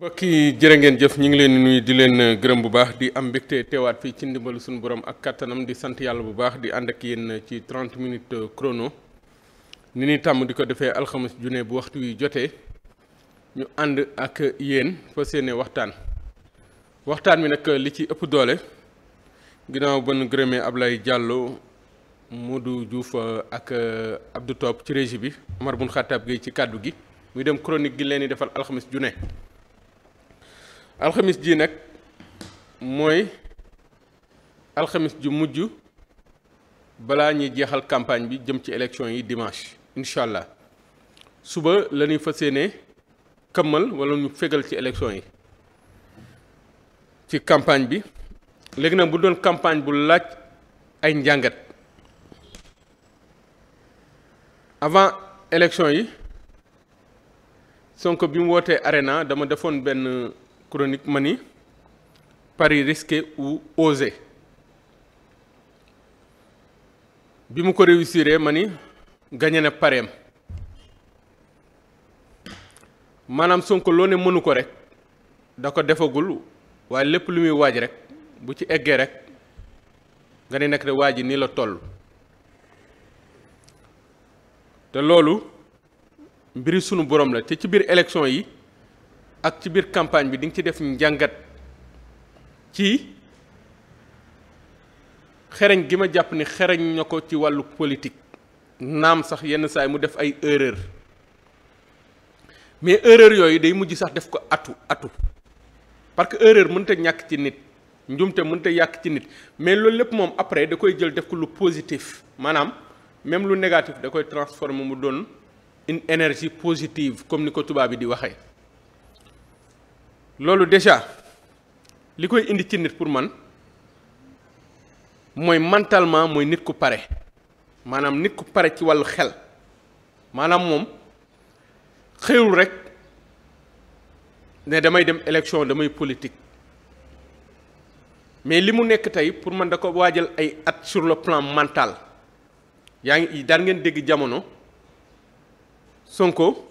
mbokk yi jërë ngeen jëf ñu ngi leen di di leen euh, gërëm bu baax di am mbégte teewaat fii ci ndimbalu suñu borom ak kattanam di sant yàlla bu baax di ànd ak yéen euh, ci 30 minutes euh, chrono ni ni tàmm di ko defee alxames junne bu waxtu wi jotee ñu ànd ak yéen fa seene waxtaan waxtaan mi nag li ci ëpp doole ginnaaw ba nu gërëmee Ablaye mu du Diouf ak Abdou Top ci régie bi Omar Bun Xattaab ci kàddu gi muy dem chronique gi leen di defal alxames junne alxamis ji nag mooy alxamis ju mujj balaa ñuy jeexal campagne bi jëm ci élection yi dimanche incha allah suba lañuy fa fas yéene këmmal wala ñu fegal ci élection yi ci campagne bi léegi nag bu doon campagne bu laaj ay njàngat avant élection yi Sonko bi mu wootee arena dama defoon benn chronique ma ni pari risqué ou osé bi mu ko réussiree ma ni gañe na pareem maanaam Sonko loo ne mënu ko rek da ko defagul waaye lépp lu muy waaj rek bu ci eggee rek nga ne nekk de waa ji nii la toll te loolu mbiri sunu borom la te ci biir élection yi ak ci biir campagne bi di nga ci def njàngat ci xereñ gi ma jàpp ni xereñ na ko ci wàllu politique naam sax yenn saay mu def ay erreur mais erreur yooyu day mujj sax def ko atu atu parce que erreur mënta ñàkk ci nit njumte mënta yàq ci nit mais loolu lépp moom après da koy jël def ko lu positif maanaam même lu négatif da koy transformer mu doon une énergie positive comme ni ko tubaab bi di waxee loolu déjà li koy indi ci nit pour man mooy mantalement mooy nit ku pare maanaam nit ku pare ci wàllu xel maanaam moom xëyul rek ne damay dem élection damay politique mais li mu nekk tey pour man da ko waajal ay at sur le plan mental yaa ngi daan ngeen dégg jamono Sonko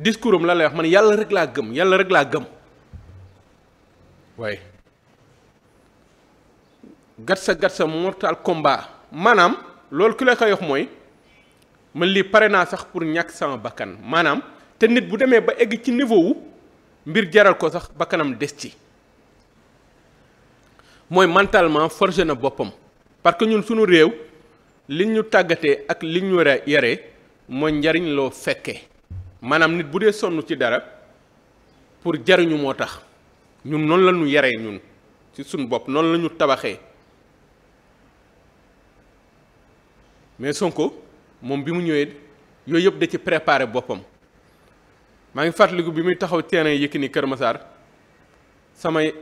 discours am la lay wax man yàlla rek laa gëm yàlla rek laa gëm waaye gatsa gatsa mortal komba maanaam loolu ki la koy wax mooy mën lii pare naa sax pour ñàkk sama bakkan maanaam te nit bu demee ba egg ci niveau wu mbir jaral ko sax bakkanam des ci mooy mantalement forgé na boppam parce que ñun suñu réew li ñu tàggatee ak li ñu yore mooy njariñ loo fekkee maanaam nit bu dee sonn ci dara pour jariñu moo tax ñun noonu la ñu yaree ñun ci suñ bopp noonu la ñu tabaxee mais Sonko moom bi mu ñëwee yooyu yëpp da ci préparé boppam maa ngi fàttaliku bi muy taxaw yi terrain ni Kër Massar samay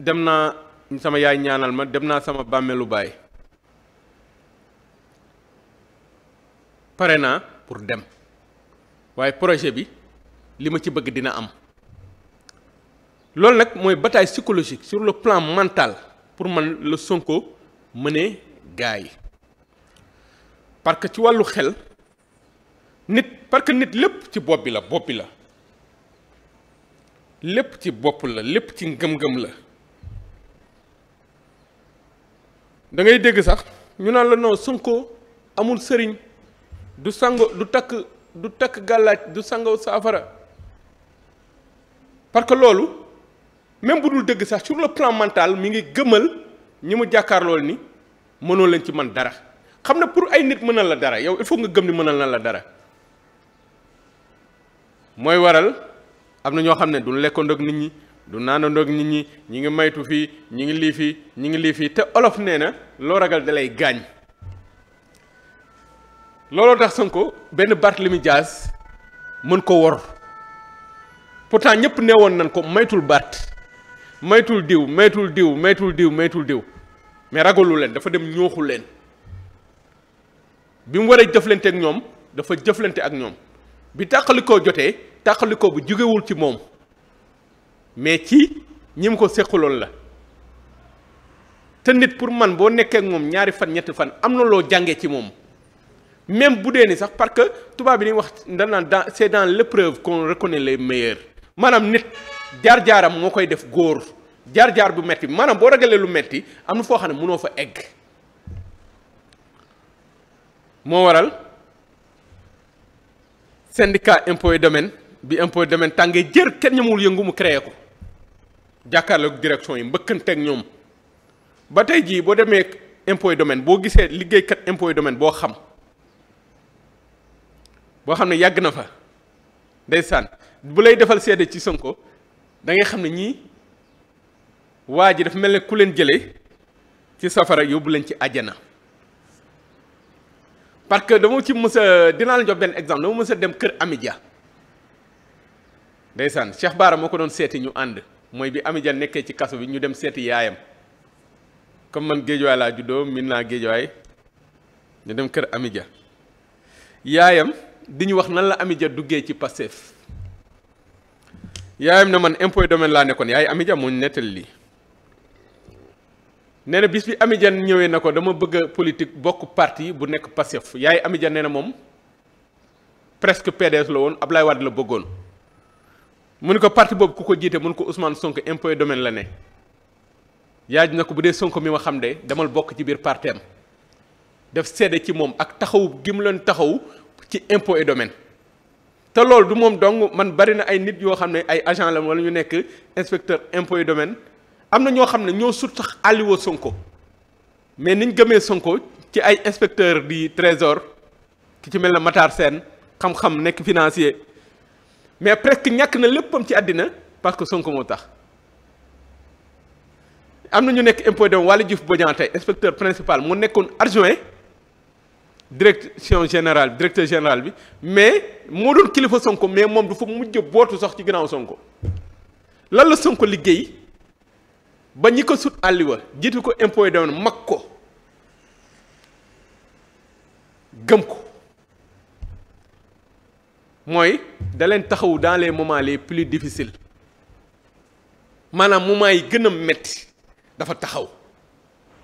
dem naa sama yaay ñaanal ma dem naa sama bàmmeelu baay pare naa pour dem waaye projet bi li ma ci bëgg dina am loolu nag mooy bataille psychologique sur le plan mental pour man la Sonko mënee gars yi parce que ci wàllu xel nit parce que nit lépp ci bopp bi la bopp bi la lépp ci bopp la lépp ci ngëm-ngëm la da ngay dégg sax ñu naan la non Sonko amul sëriñ du sango du takk du takk gàllaaj du sangaw saafara parce que loolu même bu dul dëgg sax sur le plan mental mi ngi gëmal ñi mu jàkkaarlool ni mënoo leen ci man dara xam ne pour ay nit mënal la dara yow il faut nga gëm ni mënal na la dara mooy waral am na ñoo xam ne du lekkandoog nit ñi du naanandoog nit ñi ñi ngi maytu fii ngi lii fii ñi ngi lii fii te olof nee na loo ragal dalay gaañ looloo tax Sonko benn Barthélemy Dias mën ko wor pourtant ñëpp nee woon nañ ko maytul Barth maytul diw maytul diw maytul diw maytul diw mais ragalu leen dafa dem ñooxu leen bi mu waree jëflante ak ñoom dafa jëflante ak ñoom bi tàqalikoo jotee tàqalikoo bu jógewul ci moom mais ci ñi mu ko seqaloon la te nit pour man boo nekkee ak moom ñaari fan ñetti fan am na loo jàngee ci moom même bu dee ni sax parce que tubaab bi dañuy wax dañ naan dans c'est dans l'épreuve qu'on reconnaît les meilleurs maanaam nit jaar-jaaram moo koy def góor jaar-jaar bu metti maanaam boo ragalee lu metti am na foo xam ne munoo fa egg moo waral syndicat impôt et domaine bi impôt et domaine tàngee jër kenn ñamul yëngu mu créer ko jàkkaarloog direction yi mbëkkanteeg ñoom ba tey jii boo demee impôt et domaine boo gisee liggéeykat impôt et domaine boo xam boo xam ne yàgg na fa ndeysaan bu lay defal sedd ci Sonko da ngay xam ne ñii waa ji dafa mel ni ku leen jëlee ci safara yóbbu leen ci àjjana parce que dama ci mës a dinaa la jox benn exemple dama mës dem kër amija Amidia ndeysaan Cheikh Baara moo ko doon seeti ñu ànd mooy bi amija nekkee ci kaso bi ñu dem seeti yaayam comme man géejuwaay laa juddoo min naa géejuwaay ñu dem kër amija yaayam di ñu wax nan la Amidia duggee ci Pastef yaayam na man impôt domaine laa nekkoon yaay Amidia moo ñu nettali lii nee na bis bi Amidia ñëwee na ko dama bëgg a politique bokk parti bu nekk Pastef yaay Amidia nee na moom presque PDS la woon ab Ablaye Wade la bëggoon mu ne ko parti boobu ku ko jiite mu ne ko Ousmane sonk impôt domaine la ne yaay na ko bu dee sonk mi ma xam de damal bokk ci biir partem def seede ci moom ak taxawu gi mu leen taxaw ci impôt et domaine te loolu du moom dong man bari na ay nit yoo xam ne ay agent la wala ñu nekk inspecteur impôt et domaine am na ñoo xam ne ñoo sut sax àlliwoo Sonko mais niñ gëmee Sonko ci ay inspecteur di trésor ki ci mel na Matar Sène xam-xam nekk financier mais presque ñàkk na léppam ci àddina parce que Sonko moo tax am na ñu nekk impôt et domaine Waly Diouf Bodian tey inspecteur principal mu nekkoon adjoint direction général directeur général bi mais moo doon kilifa Sonko mais moom du dafa mujj bootu sax ci ginnaaw Sonko lan la Sonko liggéey ba ñi ko sut àlliwa jiitu ko impôt yi doon mag ko gëm ko mooy da leen taxawu dans les moments les plus difficiles maanaam moment yi gën a metti dafa taxaw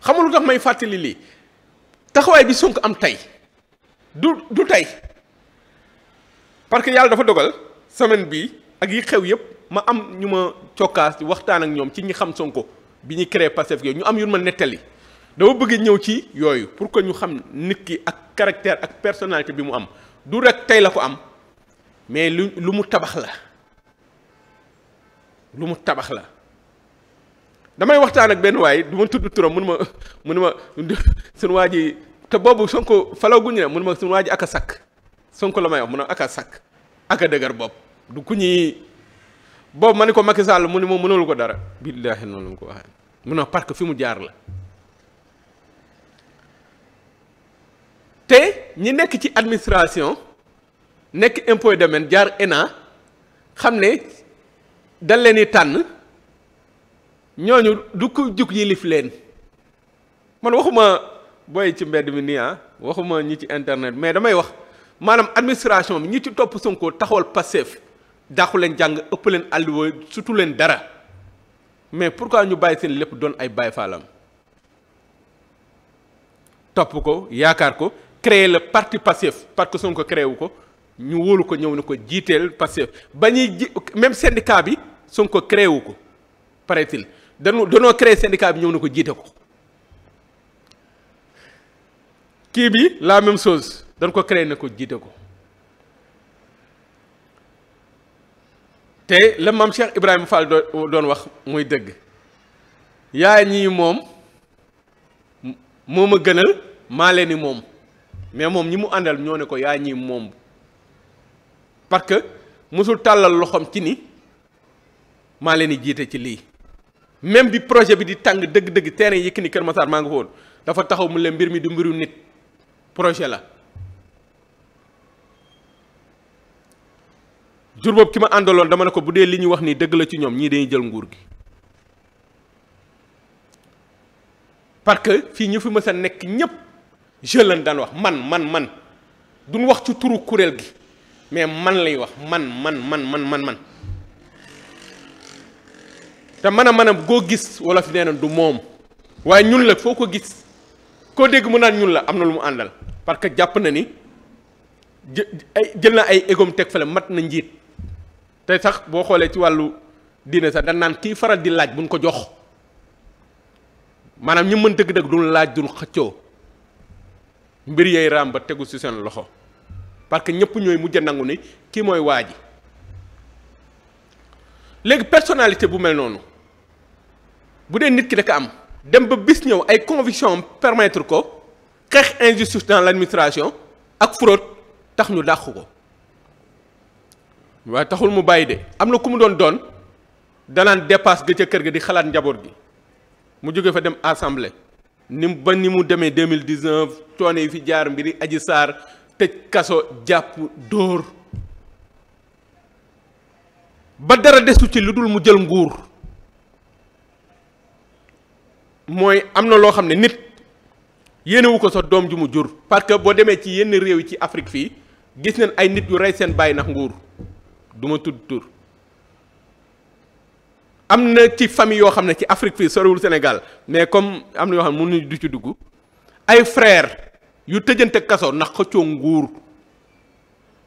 xamul lu tax may fàttali lii taxawaay bi Sonko am tey du du tey parce que yàlla dafa dogal semaine bii ak yi xew yëpp ma am ñu ma cokkaas di waxtaan ak ñoom ci ñi xam Sonko bi ñuy créé Pastef yooyu ñu am yu ma nettali dama bëgg ñëw ci yooyu pour que ñu xam nit ki ak caractère ak personnalité bi mu am du rek tey la ko am mais lu lu mu tabax la lu mu tabax la damay waxtaan ak benn waay du ma tudd turam mënu ma mënu ma seen waa ji te boobu Sonko falaw guñu ne mun ma suñu waa ak a sakk Sonko la may wax mu ne ak a sakk ak a dëgër bopp du ku ñuy boobu ma ne ko Macky Sall mu ne moom mënul ko dara billaahi noonu la mu ko waxee mu ne parce que fi mu jaar la te ñi nekk ci administration nekk impôt domaine jaar ENA xam ne dal leen di tànn ñooñu du ko jug yilif leen man waxuma booy ci mbedd mi nii ah waxuma ñi ci internet mais damay wax maanaam administration bi ñi ci topp Sonko taxawal Pastef dàqu leen jàng ëpp leen àlluwa sutu leen dara mais pour pourquoi ñu bàyyi seen lépp doon ay Baay Faalam topp ko yaakaar ko créer le parti Pastef parce que Sonko créé wu ko ñu wóolu ko ñëw ne ko jiiteel Pastef ba ñuy ji même syndicat bi Sonko créé wu ko paraît-il dañoo dañoo créé syndicat bi ñëw ne ko jiite ko. kii bi la même chose dañ ko créé na ko jiite ko te la maam Cheikh Ibrahima Fall doon wax muy dëgg yaa ñii moom moom a gënal maa leen ni moom mais moom ñi mu àndal ñoo ne ko yaa ñii moom parce que mosul tàllal loxoom ci ni maa leen di jiite ci lii même bi projet bi di tàng dëgg-dëgg terrain Yékini Kër Massar maa ngi fa dafa taxaw mu leen mbir mi du mbiru nit projet la jur boobu ki ma àndaloon dama ne ko bu dee li ñuy wax nii dëgg la ci ñoom ñii dañuy jël nguur gi parce que fii ñu fi mës nekk ñépp je leen daan wax man man man duñ wax ci turu kuréel gi mais man lay wax man man man man man man te mën a mën a goo gis wala fi nee na du moom waaye ñun la foo ko gis koo dégg mu naan ñun la am na lu mu àndal parce que jàpp na ni ay jël na ay égom teg fale mat na njiit te sax boo xoolee ci wàllu diine sax dañ naan faral di laaj buñ ko jox maanaam ñu mën dëgg-dëgg duñ laaj duñ xëccoo mbir yay raam ba tegu ci seen loxo parce que ñëpp ñooy mujj nangu ni kii mooy waa ji léegi personnalité bu mel noonu bu dee nit ki da am. dem ba bis ñëw ay conviction permettre ko xeex injustice dans l'administration ak fraude tax ñu dàq ko waa taxul mu bàyyi de am na ku mu doon doon danaan dépasse ga ca kër gi di xalaat njaboot gi mu jóge fa dem assemblée ni mu ba ni mu demee 2019 coono yi fi jaar mbiri aji saar tëj kaso jàpp dóor ba dara desu ci lu dul mu jël nguur mooy am na loo xam ne nit yéenewu ko sa doom ju mu jur parce que boo demee ci yenn réew yi ci Afrique fii gis nañ ay nit yu rey seen bàyyi ndax nguur du ma tudd tur am na ci famille yoo xam ne ci Afrique fii sorewul Sénégal mais comme am na yoo xam ne mënuñu du ci dugg ay frère yu tëjante kaso ndax xëccoo nguur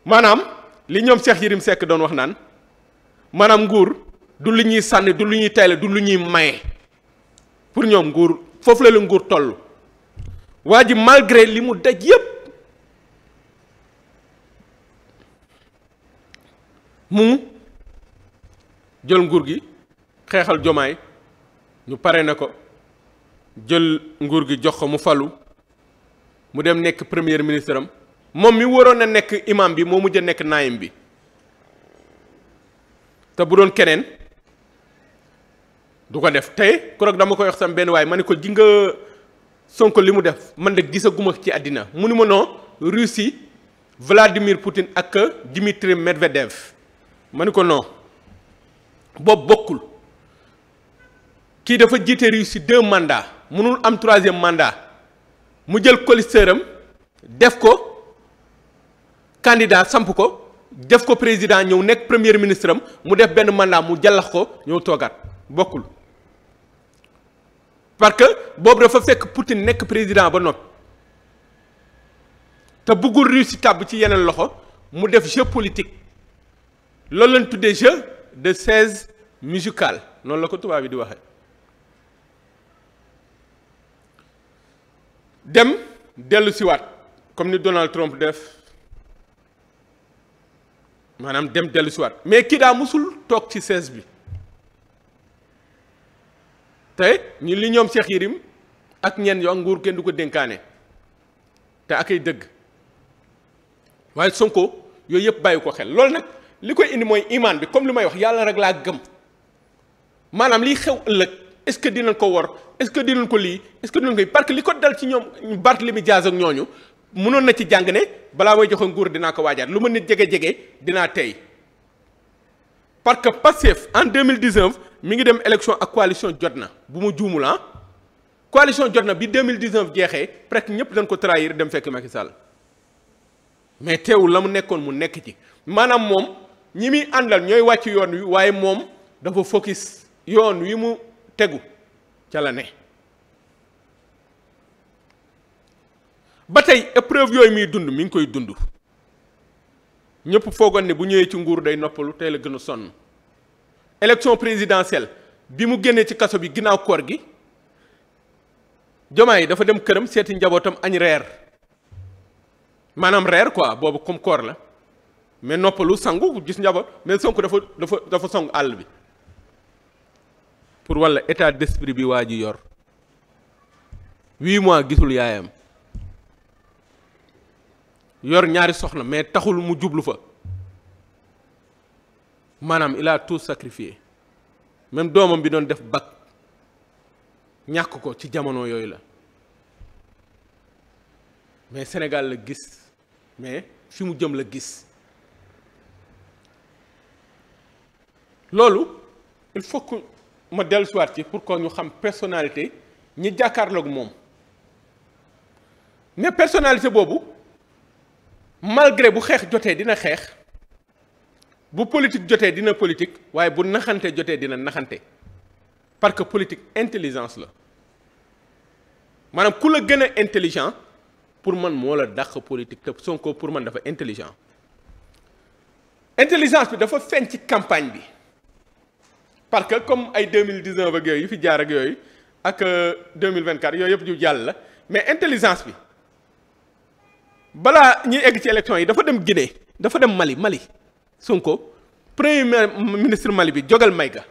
maanaam li ñoom seex Yérim sekk doon wax naan maanaam nguur du li ñuy sànni du lu ñuy tayle du lu ñuy maye pour ñoom nguur foofu la la nguur tollu waa ji malgré li mu daj yépp mu jël nguur gi xeexal jomaay ñu pare na ko jël nguur gi jox ko mu falu mu dem nekk premier ministre am moom mi waroon a nekk imam bi moo mujj a nekk naayim bi te bu doon keneen du ko def tey keroog dama koy wax sam benn waaye ma ne ko ji nga Sonko li mu def man de gisaguma ci àddina mu ni ma non Russie Vladimir Poutine ak Dimitri Medvedev ma ne ko non boobu bokkul kii dafa jiite Russie deux mandats mënul am troisième mandat mu jël colisteer am def ko candidat samp ko def ko président ñëw nekk premier ministre am mu def benn mandat mu jàllax ko ñëw toogaat bokkul parce que boobu dafa fekk Poutine nekk président ba noppi te bëggul si tàbb ci yeneen loxo mu def jeu politique loolu lañ tuddee jeu de seize musical noonu la ko tubaab yi di waxee dem dellu siwaat comme ni Donald Trump def maanaam dem dellu siwaat mais kii daa musul toog ci seize bi te ñu li ñoom seex Yérim ak ñenn yoo nguur kenn du ko dénkaane te ak ay dëgg waaye Sonko yooyu yëpp bàyyi ko xel loolu nag li koy indi mooy imaan bi comme li may wax yàlla rek laa gëm maanaam liy xew ëllëg est-ce que dinañ ko wor est-ce que dinañ ko lii est-ce que dinañ ko parce que li ko dal ci ñoom Barthélémy Dias ak ñooñu mënoon na ci jàng ne balaa may joxe nguur dinaa ko waajaat lu ma nit jege jege dinaa tey parce que Pastef en 2019 mi ngi dem élection ak coalition jot na bu mu juumul ah coalition jot na bi 2019 jeexee presque ñëpp dañ ko trahir dem fekk Macky Sall mais teewul la mu nekkoon mu nekk ci maanaam moom ñi muy àndal ñooy wàcc yoon wi waaye moom dafa focus yoon wi mu tegu ca la ne. ba tey épreuve yooyu muy dund mi ngi koy dund ñëpp foogoon ne bu ñëwee ci nguur day noppalu tey la gën a sonn. élection présidentielle bi mu génnee ci kaso bi ginnaaw koor gi yi dafa dem këram seeti njabootam añ reer maanaam reer ko boobu comme koor la mais noppalu sangu gis njaboot mais Sonko dafa dafa dafa song àll bi pour walla état d'esprit bi waa ji yor huit mois gisul yaayam yor ñaari soxna mais taxul mu jublu fa maanaam il a tout sacrifié même doomam bi doon def bac ñàkk ko ci jamono yooyu la mais Sénégal la gis mais fi mu jëm la gis loolu il faut que ma dellusiwaat ci pour que ñu xam personnalité ñi jàkkaarloog moom ne personnalité boobu malgré bu xeex jotee dina xeex bu politique jotee dina politique waaye bu naxante jotee dina naxante parce que politique intelligence la maanaam ku la gën a intelligent pour man moo la dàq politique te Sonko pour man dafa intelligent intelligence bi dafa feeñ ci campagne bi parce que comme ay deux mille dix-neuf ak yooyu yu fi jaar ak yooyu ak euh, deux mille vingt-quatre yooyu yëpp ju jàll la mais intelligence bi balaa ñuy egg ci élection yi dafa dem Guinée dafa dem Mali Mali. Sonko premier ministre Mali bi jógal may ga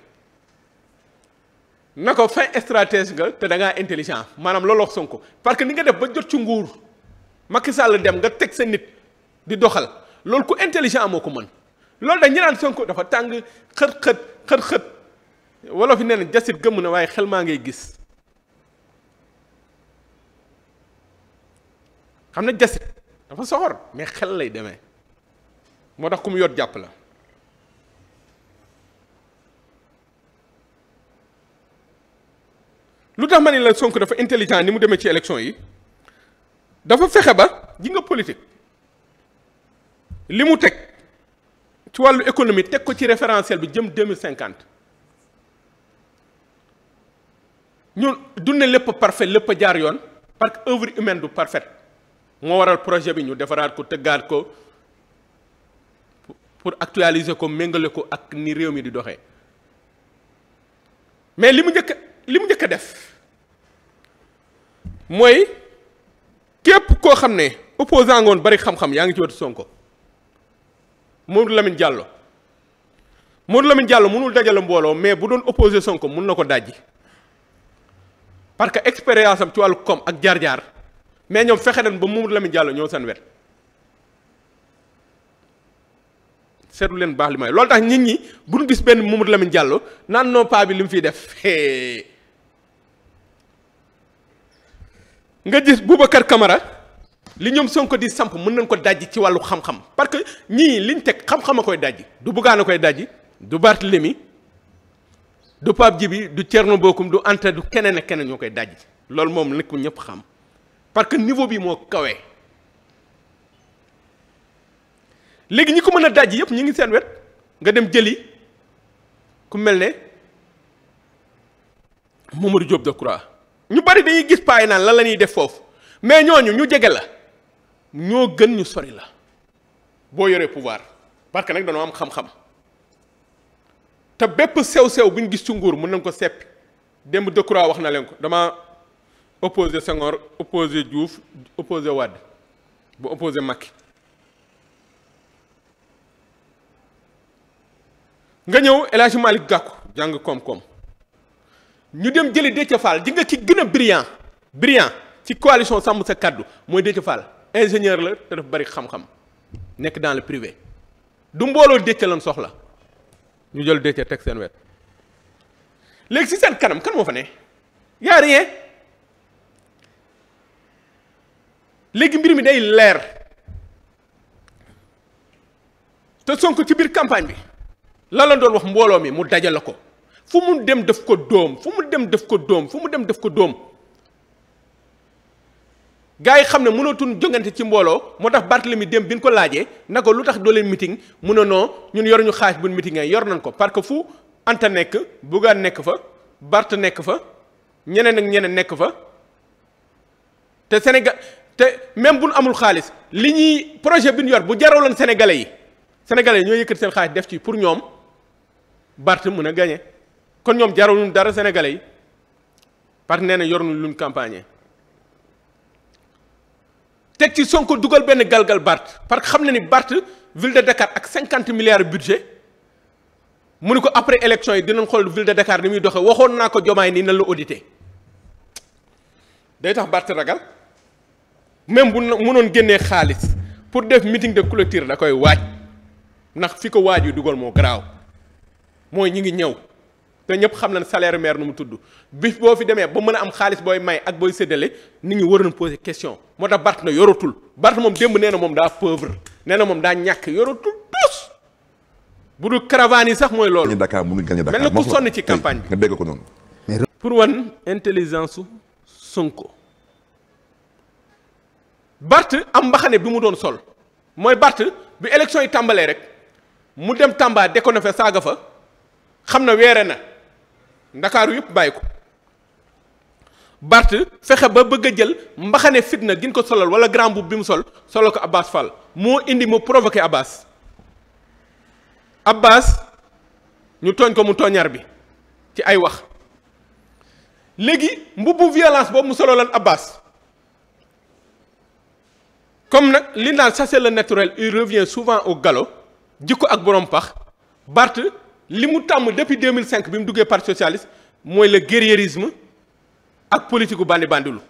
na ko fin stratège nga te da ngaa intelligent maanaam loolu wax Sonko parce que ni nga def ba jot ci nguur Macky Sall dem nga teg sa nit di doxal loolu ku intelligent moo ko mën loolu dañ ñu naan Sonko dafa tàng xët xët xët xët wolof yi nee na jasit gëmm na waaye xel maa ngay gis xam na jasit dafa soxor mais xel lay demee moo tax ku mu yot jàpp la lu tax ma ni la Sonko dafa intelligent ni mu demee ci élection yi dafa fexe ba ji nga politique li mu teg ci wàllu économie teg ko ci référentiel bi jëm deux mille cinquante ñun dunne lépp parfait lépp jaar yoon parce que œuvre humaine du moo waral projet bi ñu defaraat ko tëggaat ko pour actualiser ko méngale ko ak ni réew mi di doxee mais li mu njëkk li mu njëkk a def mooy képp koo xam ne opposant ngoon bari xam-xam yaa ngi ci wetu Sonko Modou Lamine Diallo Modou Lamine Diallo mënul dajale mbooloo mais bu doon opposé Sonko mun na ko dajji parce que expérience am ci wàllu koom ak jaar-jaar mais ñoom fexe nañ ba Modou Lamine Diallo ñoo seen wet seetlu leen baax li may loolu tax nit ñi bu ñu gis benn la Lamine Diallo naan noo paa bi li mu fiy def nga gis Boubacar kamara li ñoom Sonko di samp mën nañ ko dajji ci wàllu xam-xam parce que ñii liñ teg xam-xam a koy dajji du Bougane a koy daj du Barthélemy du Pape Djibi du Thierno bokkum du Anta du keneen a keneen ñoo koy dajji loolu moom nekkul ñëpp xam parce que niveau bi moo kawee léegi ñi ko mën a daj yëpp ñu ngi seen wet nga dem jëli ku mel ne Mamadou Diop Decroix ñu bari dañuy gis paay naan lan la ñuy def foofu mais ñooñu ñu jege la ñoo gën ñu sori la boo yoree pouvoir parce que nag dañoo am xam-xam te bépp sew-sew bu ñu gis ci nguur mun nañ ko seppi démb Decroix wax na leen ko dama opposé Senghor opposé Diouf opposé Wade ba opposé Macky nga ñëw El Hadj jàng koom-koom ñu dem jëli Déthié Fall di nga ci gën a brillant brillant ci coalition sàmm sa kàddu mooy Déthié Fall ingénieur la te dafa bari xam-xam nekk dans le privé du mbooloo Déthié lan soxla ñu jël Déthié teg seen wet léegi si seen kanam kan moo fa ne yaa rien léegi mbir mi day leer te Sonko ci biir campagne bi. lan la doon wax mbooloo mi mu dajale ko fu mu dem def ko doom fu mu dem def ko doom fu mu dem def ko doom gars yi xam ne mënatul jongante ci mbooloo moo tax la mi dem bi ñu ko laajee na ko lu tax doo leen mitin mu ne noo ñun yoruñu xaalis buñ meeting yor nañ ko parce que fu Anta nekk Bougane nekk fa Barth nekk fa ñeneen ak ñeneen nekk fa te senegal te même bu ñu amul xaalis li ñuy projet bi ñu yor bu jaroo loon Sénégalais yi senegale yi ñoo yëkkati seen xaalis def ci pour ñoom. Barth mën a gagné kon ñoom jaraluñ dara sénégalais yi parce que nee na yor nañ luñ campagne teg ci Sonko dugal benn galgal bart parce que xam na ni Barth ville de Dakar ak cinquante milliards budget mu ni ko après élection yi dinañ xol ville de Dakar ni muy doxee waxoon naa ko jomaay nii na la audité day tax Barth ragal même bu noon génnee xaalis pour def meeting de clôture da koy waaj ndax fi ko waaj yu dugal moo garaaw mooy ñu ngi ñëw te ñëpp xam na salaire maire nu mu tudd bi boo fi demee ba mën a am xaalis booy may ak booy séddale nit ñi war nañ poser question moo tax Bart na yoratul Bart moom démb nee na moom daa pauvre nee na moom daa ñàkk yoratul tous bu dul caravane sax mooy loolu. gagné Dakar mu ngi gagné Dakar mel na ku sonn ci campagne bi nga dégg ko pour wan intelligence su Sonko Bart am mbaxane bi mu doon sol mooy Bart bi élection yi tàmbalee rek mu dem Tamba dekkoon na fa saaga fa. xam na weere na ndakaaru yëpp bàyyi ko barte fexe ba bëgg a jël mbaxane fitna gin ko solal wala grand boub bi mu sol solo ko Abbas Fall moo indi mu provoqué Abbas Abbas ñu tooñ ko mu tooñar bi ci ay wax léegi mbubbu violence boobu mu solo lan Abbas comme nag li naan chasser naturel il revient souvent au galop jikko ak borom pax Bart li mu tàmm depuis 2005 bi mu duggee parti socialiste mooy le guerriérisme ak politique gu bandi bandilu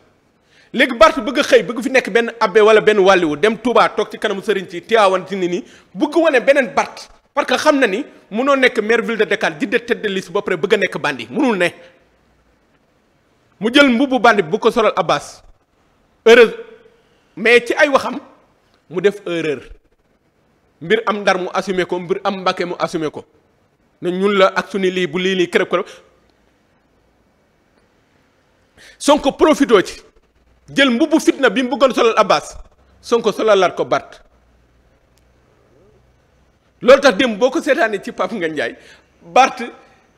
léegi bart bëgg a xëy bëgg fi nekk benn abbé wala benn wàlliwu dem Touba toog ci kanamu sëriñ ci Tiwaawan ci ni nii bëgg wane beneen Barth parce que xam na ni mënoo nekk maire ville de Dakar jidde tête de liste ba pare bëgg a nekk bandi mënul ne mu jël mbubbu bandi bu ko solal Abbas heureuse mais ci ay waxam mu def erreur mbir am ndar mu assumé ko mbir am mbàkke mu assumé ko na ñun la ak suñu lii bu lii lii kërëb kërëb Sonko profitoo ci jël mbubbu fitna bi mu bëggoon solal Abbas Sonko solalaat ko Bart loolu tax démb boo ko seetaanee ci Pape nga njaay Bart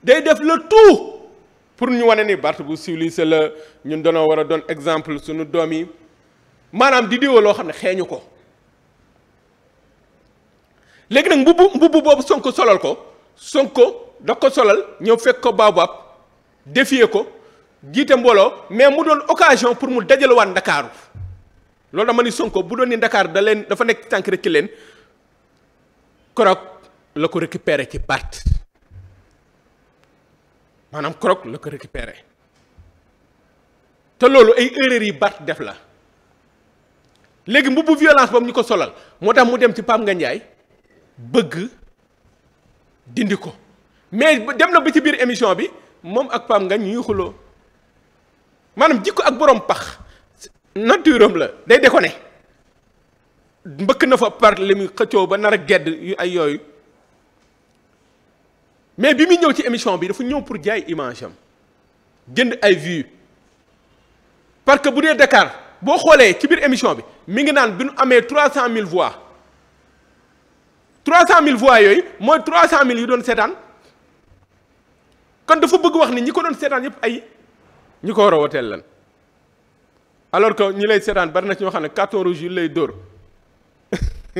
day def la tout pour ñu wane nii Bart bu civilisé la ñun danoo war a doon exemple suñu doom yi maanaam di diwa loo xam ne xeeñu ko léegi nag mbubbu mbubbu boobu Sonko solal ko Sonko da ko solal ñëw fekk ko Baobab défier ko jiite mbooloo mais mu doon occasion pour mu dajalewaat ndakaaru loolu dama ni Sonko bu doon ni Dakar da leen dafa nekk tànk rek ci leen Korok la ko récupéré ci Bart maanaam Korok la ko récupéré te loolu ay erreurs yi Bart def la léegi mbubbu violence boobu ñu ko solal moo tax mu dem ci Pape nga Ndiaye bëgg. dindi ko mais dem na ba ci biir émission bi moom ak Pam nga ñuy xuloo maanaam jikko ak boroom pax nature am la day déconné mbëkk na fa par li muy xëccoo ba nar a gedd yu ay yooyu mais bi muy ñëw ci émission bi dafa ñëw pour jaay image am jënd ay vues parce que bu dee Dakar boo xoolee ci biir émission bi mi ngi naan bi nu amee trois cent mille voix trois cent mille voix yooyu mooy trois cent mille yu doon seetaan kon dafa bëgg wax ni ñi ko doon seetaan yëpp ay ñi ko war a woteel lan alors que ñi lay seetaan bari na ci ñoo xam ne carton rouge lay dóor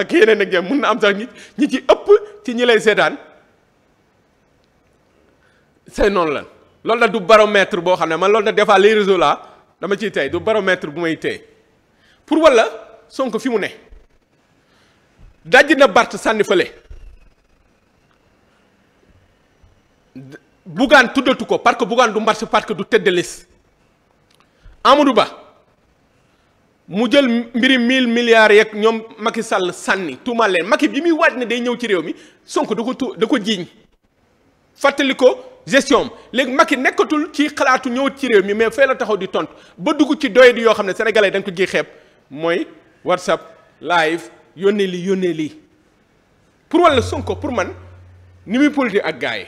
ak yeneen ak yeneen mun na am sax ñi ñi ci ëpp ci ñi lay seetaan say noon lan loolu nag du baromètre boo xam ne man lool nag des fois les réseaux dama ciy tey du baromètre bu may tey pour walla Sonko fi mu ne. daj na barte sànni fële Bougane tuddatu ko parce que Bougane du marché parce que du tête de liste Ba mu jël mbiri mille milliards yeeg ñoom Macky sàll sànni tuumaal leen Macky bi muy waaj ne day ñëw ci réew mi Sonko da ko tu da ko jiiñ fàttali ko gestion léegi Macky nekkatul ci xalaatu ñëw ci réew mi mais fee na taxaw di tontu ba dugg ci doy yoo xam ne yi dañ ko ji mooy WhatsApp live. yónnee lii yónnee lii pour walla ko pour man ni muy politique ak gars yi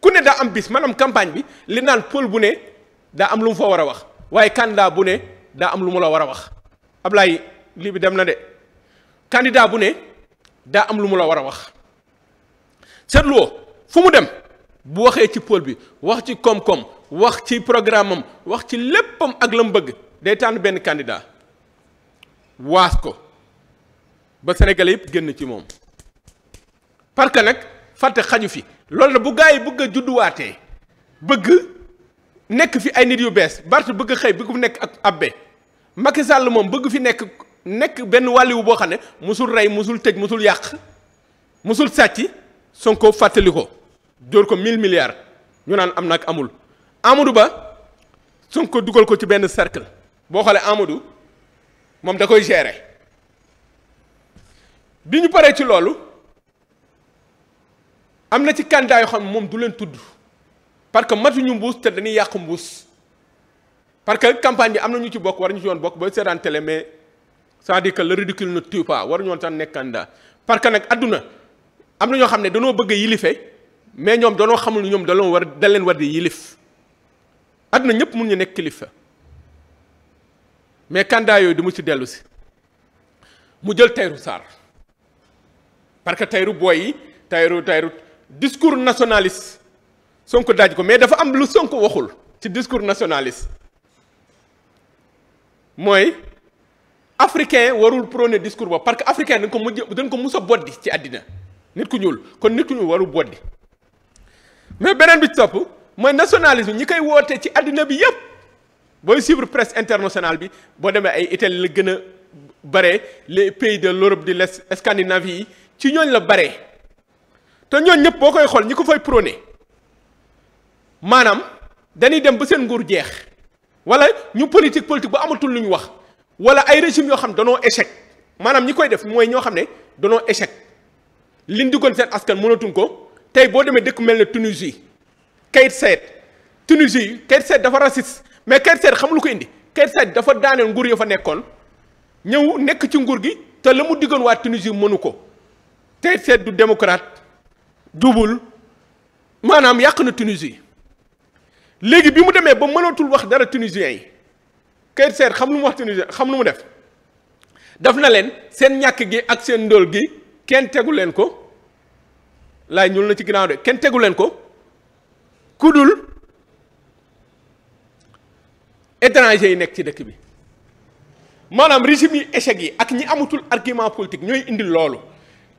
ku ne daa am bis maanaam campagne bi li naan pôle bu ne daa am lu mu fa war a wax waaye candidat bu ne daa am lu mu la war a wax Ablaye lii bi dem na de candidat bu ne daa am lu mu la war a wax seetluwoo fu mu dem bu waxee ci pôle bi wax ci koom-koom wax ci programme am wax ci léppam ak la mu bëgg day tànn benn candidat waas ko ba sénégalais yëpp génn ci moom parce que nag fàtte xaju fi loolu na bu gars yi bëgg a judduwaatee bëgg nekk fi ay nit yu bees Barth bëgg xëy bi ku nekk ak abbe Macky Sall moom bëgg fi nekk nekk benn wàlliwu boo xam ne mosul rey mosul tëj mosul yàq mosul sàcc Sonko fàttali ko dóor ko mille milliards ñu naan am nag amul Amadou Ba Sonko dugal ko ci benn cercle boo xoolee Amadou moom da koy gérer bi ñu paree ci loolu am na ci candidat yoo xam ne moom du leen tudd parce que matuñu mbuus te dañuy yàq mbuus parce que campagne bi am na ñu ci bokk war ñu ci woon bokk ba seetaan mais c'est-à-dire que le ridicule ne tue pas war ñu woon sax nekk candidat parce que nag àdduna am na ñoo xam ne danoo bëgg a yilife mais ñoom danoo xamul ñoom daloo war da leen war di yilif adduna ñëpp mun ñu nekk kilifa mais candidat yooyu du mu ci dellu si mu jël Tahirou Sarr parce que tayru booy yi tayru tayru discours nationaliste sonk daaj ko mais dafa am lu Sonko waxul ci discours nationaliste mooy africain warul prôner discours boobu parce que africain dañ ko mujj dañ ko mus a boddi ci àddina nit ku ñuul kon nit ku ñuul warul boddi mais beneen bi ci mooy nationalisme ñi koy woote ci àddina bi yépp booy suivre presse international bi boo demee ay Italie la gën a bare les pays de l'Europe de l'Est Scandinavie yi ci ñooñ la bare te ñooñ ñëpp boo koy xool ñi ko fay prôné maanaam danuy dem ba seen nguur jeex wala ñu politique politique bu amatul lu ñu wax wala ay régime yoo xam ne danoo échec maanaam ñi koy def mooy ñoo xam ne danoo échec liñ diggoon seen askan mënatuñ ko tey boo demee dëkk mel ne Tunisie Kayit Saïed Tunisie Kayit Saïed dafa raciste mais Kayit Saïed xamulu ko indi Kayit Saïed dafa daaneel nguur ya fa nekkoon ñëw nekk ci nguur gi te la mu diggoon waa mënu ko. tey seet du démocrate jubul maanaam yàq na Tunisie léegi bi mu demee ba mënatul wax dara tunisiens yi kayit xam lu wax tunisien xam lu mu def daf na leen seen ñàkk gi ak seen ndóol gi kenn tegu leen ko laay ñul na ci ginnaaw de kenn tegu leen ko kudul étranger yi nekk ci dëkk bi maanaam régime yi échec yi ak ñi amatul argument politique ñooy indi loolu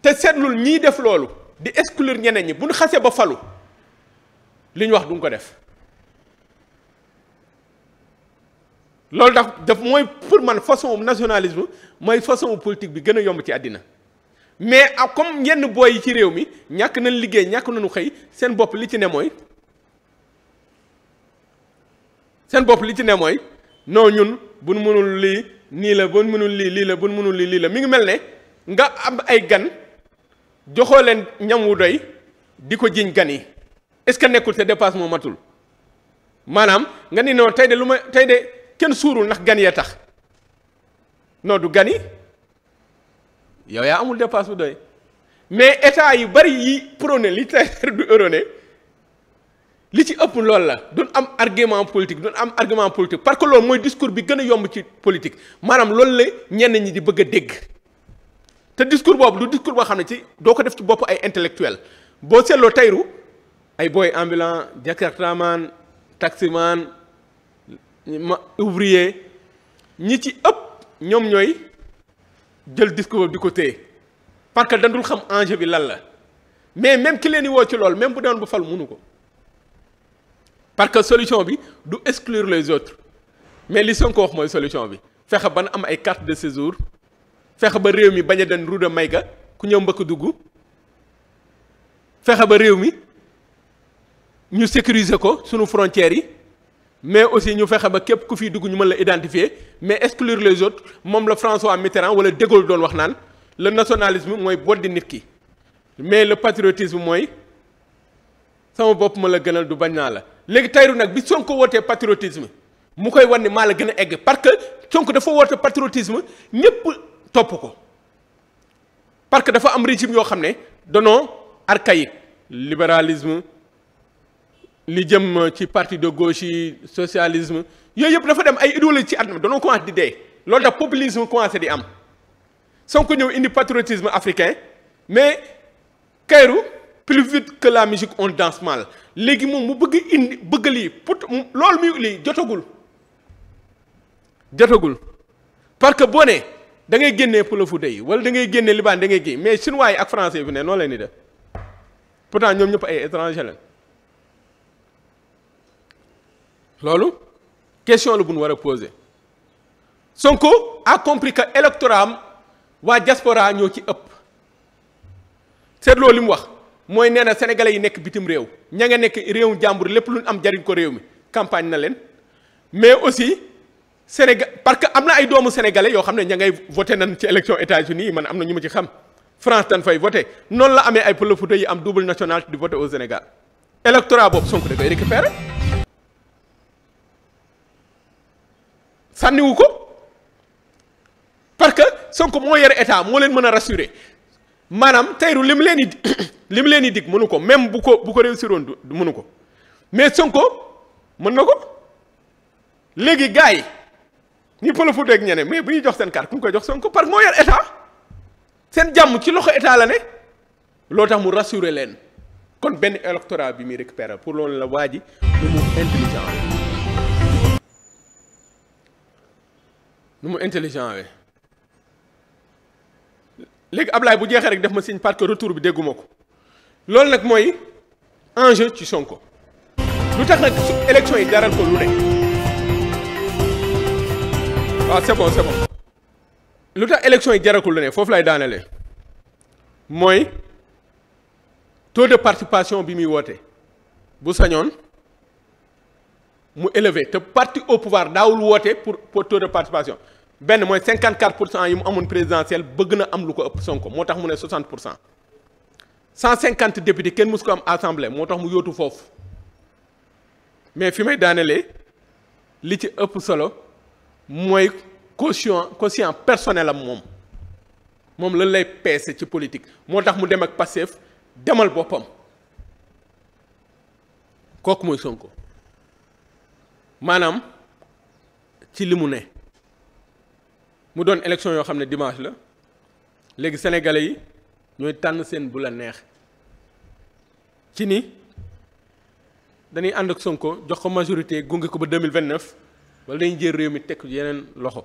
te seetlul ñiy def loolu di exclure ñeneen ñi bu ñu xasee ba falu li ñu wax duñ ko def loolu tax daf mooy pour man façon nationalisme mooy façon politique bi gën a yomb ci àddina mais ah comme yenn booy yi ci réew mi ñàkk nañ liggéey ñàkk nañu xëy seen bopp li ci ne mooy seen bopp li ci ne mooy non ñun bu nu mënul lii nii la bu nu mënul lii lii la bu mënul lii lii la mi ngi mel ne nga am ay gan. joxoo leen ñam wu doy di ko jiñ gani yi est ce que nekkul te dépasse moo matul maanaam nga ni noonu tey de lu ma tey de kenn suurul ndax gan yee tax non du gani yi yow yaa amul dépasse bu doy mais état yu bari yi prôné li terre du erroné li ci ëpp lool la duñ am argument politique duñ am argument politique parce que loolu mooy discours bi gën a yomb ci politique maanaam lool la ñenn ñi di bëgg a dégg. te discours boobu du discours boo xam ne ci doo ko def ci bopp ay intellectuel boo seetloo tayru ay boy ambulant jakartaman taximan ma ouvrier ñi ci ëpp ñoom ñooy jël discours boobu di ko téye parce que dandul xam enjeu bi lan la mais même ki leen di woo ci lool même bu doon bu fal munu ko parce que solution bi du exclure les autres mais li Sonko wax mooy solution bi fexe ban am ay quatre de séjour fexe ba réew mi bañ a den ruuda may ga ku ñëw mbëkk dugg fexe ba réew mi ñu sécuriser ko sunu frontières yi mais aussi ñu fexe ba képp ku fiy dugg ñu mën la identifier mais exclure les autres moom la François Mitterrand wala De Gaulle doon wax naan le nationalisme mooy boddi nit ki mais le patriotisme mooy sama bopp ma la gënal du bañ naa la léegi Tahirou nag bi Sonko wootee patriotisme mu koy wan ni maa la gën a egg parce que Sonko dafa woote patriotisme ñëpp. topp ko parce que dafa am régime yoo xam ne danoo archaïque libéralisme li jëm ci partie de gauche socialisme yooyu yëpp dafa dem ay idéologie ci àdduna danoo commencé di dee loolu tax populisme commencé di am Sonko ñëw indi patriotisme africain mais Kairou plus vite que la musique on danse mal léegi moom mu bëgg indi bëgg lii pour loolu muy lii jotagul jotagul parce que boo nee da ngay génnee Pël Fuuta yi wala dangay ngay génne Liban da ngay génne mais chinois yi ak français bi ne noonu la ñuy def pourtant ñoom ñëpp ay étranger lañ loolu question la bu ñu war a poser Sonko a compris que am waa jaspora ñoo ci ëpp seetloo li mu wax mooy nee na sénégalais yi nekk bitim réew ña nga nekk réew jàmbur lépp lu ñu am jariñ ko réew mi campagne na leen mais aussi. Sénégal parce que am na ay doomu sénégalais yoo xam ne ña ngay voté nan ci élection États-Unis yi man am na ñu ma ci xam France tan fay voté noonu la amee ay pël Fuuta yi am double nationalité di voté au Sénégal électorat boobu Sonko da koy récupéré sànniwu ko parce que Sonko moo yore état moo leen mën a rassuré maanaam tayru li mu leen di li mu leen di mënu ko même bu ko bu ko réussir woon du mënu ko mais Sonko mën na ko léegi gars yi ñi pëlëfut ak ñeneen mais bu ñuy jox seen carte ku ñu koy jox Sonko parce que moo yor état seen jàmm ci loxo état la ne loo tax mu rassurer leen kon benn électorat bi muy récupérer pour loolu la waa ji nu mu intelligent we nu mu intelligent we léegi Ablaye bu jeexee rek def ma signe parce que retour bi dégguma ko loolu nag mooy enjeu ci Sonko lu tax nag élection yi jaral ko lu ne waaw ah, c'est bon lu tax élection yi jarakul la ne foofu lay daanale mooy taux de participation bi muy woote bu sañoon mu élevé te parti au pouvoir daawul woote pour pour taux de participation benn mooy 54 pour cent yi mu amoon présidentielle bëgg na lu ko ëpp Sonko moo tax mu ne 60 pour cent 150 députés kenn mus ko am assemblée moo tax mu yóotu foofu mais fi may daanelee li ci ëpp solo. mooy caution quotient personnel am moom moom lan lay peese ci politique moo tax mu dem ak Pastef demal boppam kooku mooy Sonko maanaam ci li mu ne mu doon élection yoo xam ne dimanche la léegi sénégalais yi ñooy tànn seen bu la neex ci ni dañuy ànd ak Sonko jox ko majorité gunge ko ba deux mille vingt neuf wala dañu jël réew mi teg yeneen loxo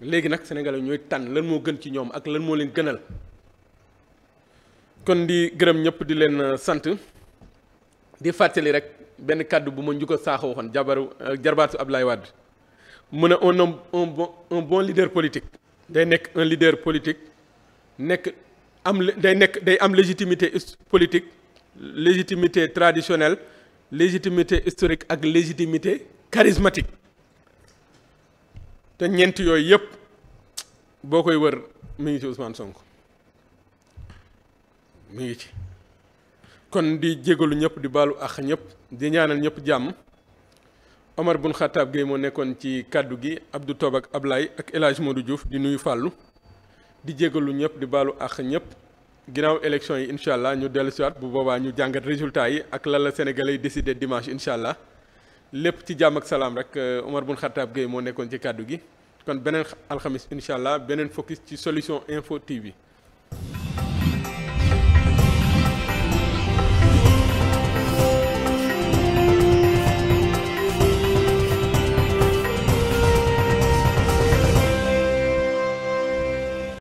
léegi nag sénégalais ñooy tànn lan moo gën ci ñoom ak lan moo leen gënal kon di gërëm ñëpp di leen euh, sant di fàttali rek benn kàddu bu ma njukkal saaxoo waxoon jabaru euh, jarbaatu Ablaye Wade mu ne un homme un bon un bon leader politique day nekk un leader politique nekk am day nekk day am légitimité politique légitimité traditionnelle légitimité historique ak légitimité charismatique te ñeent yooyu yëpp boo koy wër mi ngi ci Ousmane Sonko mi ngi ci kon di jégalu ñëpp di baalu ax ñëpp di ñaanal ñëpp jàmm Omar bun Xattaab Gueye moo nekkoon ci kàddu gi Abdou Toob ak Ablaye ak El moo du Diouf di nuyu Fàllu di jégalu ñëpp di baalu ax ñëpp ginnaaw élection yi incha allah ñu dellusiwaat bu boobaa ñu jàngat résultat yi ak lan la sénégalais yi décidé dimanche incha allah. lépp ci jàmm ak salaam rek euh, Omar Bun Khattab Gueye moo nekkoon ci kàddu gi kon beneen alxamis incha allah beneen fokki ci solution info TV.